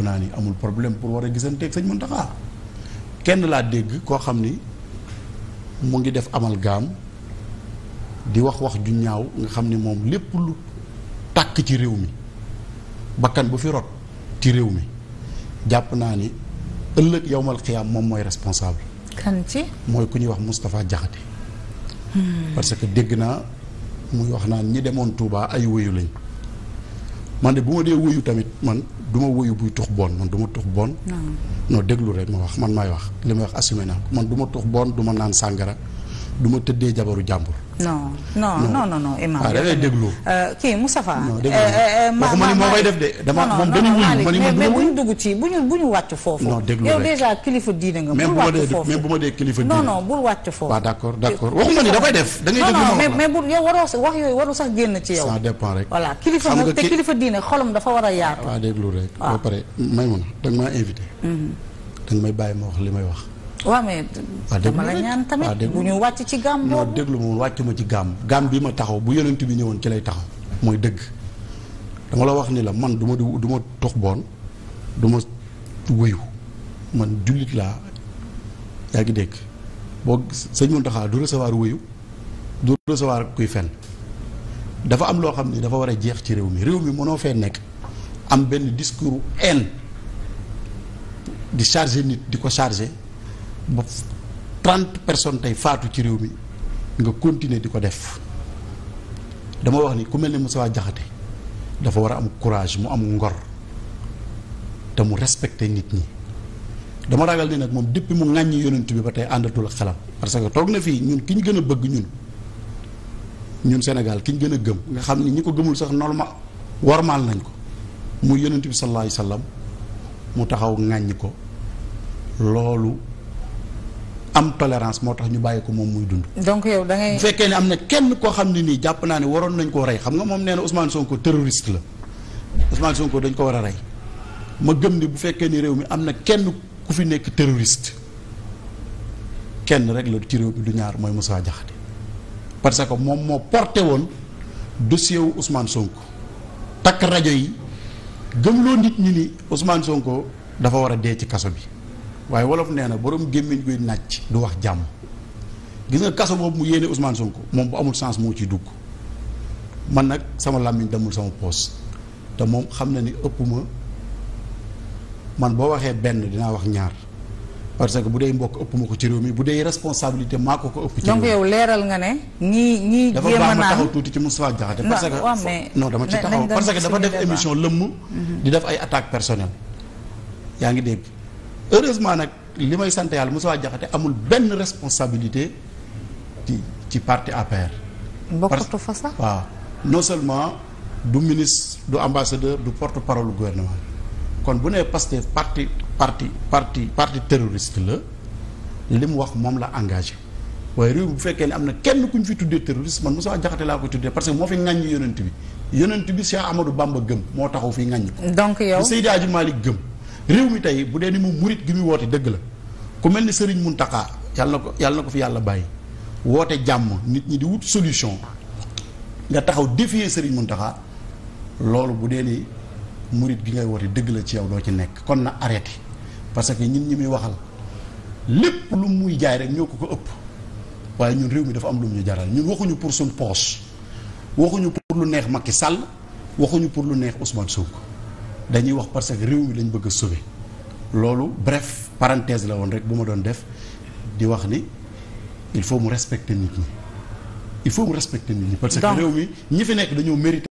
jàpp naa ni amul problème pour war a gisanteeg sëñ Mountakha kenn laa dégg koo xam ni mu ngi def amal gaam di wax wax ju ñaaw nga xam ni moom lépp lu tàkk ci réew mi bakkan bu fi rot ci réew mi jàpp naa ni ëllëg yowmal xiyaam moom mooy responsable. kan mooy ku ñuy wax Moustapha Diakhaté. Hmm. parce que dégg naa muy wax naan ñi demoon Touba ay wéyu lañ. man de bu ma dee wuyu tamit man duma woyu buy tux bon man duma ma tux bon. non déglu rek ma wax man maay wax li may wax assumé naa man du ma tux bon du ma naan sàngara du ma tëddee jabaru jàmbur. non non non non non Imaam. waaw ah, da ngay déglu. Euh, kii Moustapha. non euh, déglu euh, waxuma ni moo koy def de. dama moom dañu wuyu ma ni moom mais bu ñu dugg ci bu ñu bu ñu wàcc foofu. non déglu rek yow déjà kilifa diine nga. bul wàcc foofu même bu ma dee kilifa diine. non non bul wàcc d' accord d' accord waxuma ni da koy da ngay bu yow waroo sax wax yooyu warul sax génn ci yow. ça dépend rek. voilà kilifa nga te kilifa diine xolam dafa war a yaatu. waaw ah, déglu rek. waaw ba may mun danga maa invité. Mhm. danga may bàyyi ma wax li may wax waaw mais dama la ñaan tamit wàcc ci gàmm boobu non déglu ma wàcc ma ci gàmm gàmm bi ma taxaw bu yonent bi ñëwoon ci lay taxaw mooy dëgg dama la wax ni la man duma ma du ma tox boon du ma wëyu man jullit laa yaa dégg boo sëñ Mountakha du recevoir wëyu du recevoir kuy fen dafa am loo xam ne dafa war a jeex ci réew mi réew mi mënoo fee nekk am benn discours haine di charger nit di ko charger ba trente personnes tey faatu ci réew mi nga continuer di ko def dama wax ni ku mel ne Moussa Diakhaté dafa war a am courage mu am ngor te mu respecter nit ñi dama ragal ne nag moom depuis mu ŋàññi yonent bi ba tey àndatul ak xelam parce que toog na fii ñun ki ñu gën a bëgg ñun ñun Sénégal ki ñu gën a gëm nga xam ni ñu ko gëmul sax normal warmaal nañ ko muy yonent bi sallallahu alayhi wasallam mu taxaw ŋàññi ko loolu am tolérance moo tax ñu bàyyi ko moom muy dund. donc yow da ngay bu fekkee ne am na kenn koo xam ni nii jàpp naa ne waroon nañ koo rey xam nga moom nee na Ousmane Sonko terroriste la Ousmane Sonko dañ ko war a rey ma gëm ni bu fekkee ni réew mi am na kenn ku fi nekk terroriste kenn rek la ci réew mi ñaar mooy Moussa Diakhaté parce que moom moo porté woon dossier wu Ousmane Sonko takk rajo yi loo nit ñi ni Ousmane Sonko dafa war a dee ci kaso bi. waaye wolof nee na borom gémmiñ guy nàcc du wax jàmm gis nga kaso moom mu yéene Ousmane ko moom bu amul sens moo ci dugg man nag sama làmmiñ demul sama poos te moom xam na ni ëpp ma man boo waxee benn dinaa wax ñaar parce que bu dee mbokk ëpp ma ko ci réew mi bu dee responsabilité maa ko ko ëpp. ci donc leeral nga ne. ñii ñii jéem a naan dafa baax ma taxaw tuuti ci Moustapha Diakhaté. parce que ci taxaw parce que dafa def émission lëmm. Mhm. di def ay attaque personnelles yaa ngi dégg. heureusement nag li may sant yàlla Moussa Diakhaté amul benn responsabilité ci ci parti APR. parce que sax waaw non seulement du ministre du ambassadeur du porte-parole du gouvernement kon bu nee Pastef parti parti parti parti terroriste la li mu wax moom la engagé waaye réew bu fekkee ne am na kenn ku ñu fi tuddee terroriste man Moussa Diakhaté laa ko tuddee parce que moo fi ŋàññi yonent bi yonent bi Cheikh Amadou Bamba gëm moo taxaw fi ŋàññi ko. donc yow Seydi Hadji Malick réew mi tey bu dee ni mu murit gi muy woote dëgg la ku mel ni Serigne Mountakha yàlla na ko yàlla ko fi yàlla bàyyi woote jàmm nit ñi di wut solution nga taxaw défier Serigne Mountakha loolu bu dee ni murit gi ngay woote dëgg la ci yow doo ci nekk kon na arrêté parce que ñun ñi muy waxal lépp lu muy jaay rek ñoo ko ko ëpp waaye ñun réew mi dafa am lu mu ñu jaral ñun waxuñu pour suñ poche waxuñu pour lu neex Macky sàll waxuñu pour lu neex Ousmane Sonko dañuy wax parce que réew mi lañu bëgg a sauver loolu bref parenthèse la woon rek bu ma doon def di wax ni il faut mu respecter nit ñi il faut mu respecter nit ñi. parce que réew mi ñi fi nekk dañoo mérité.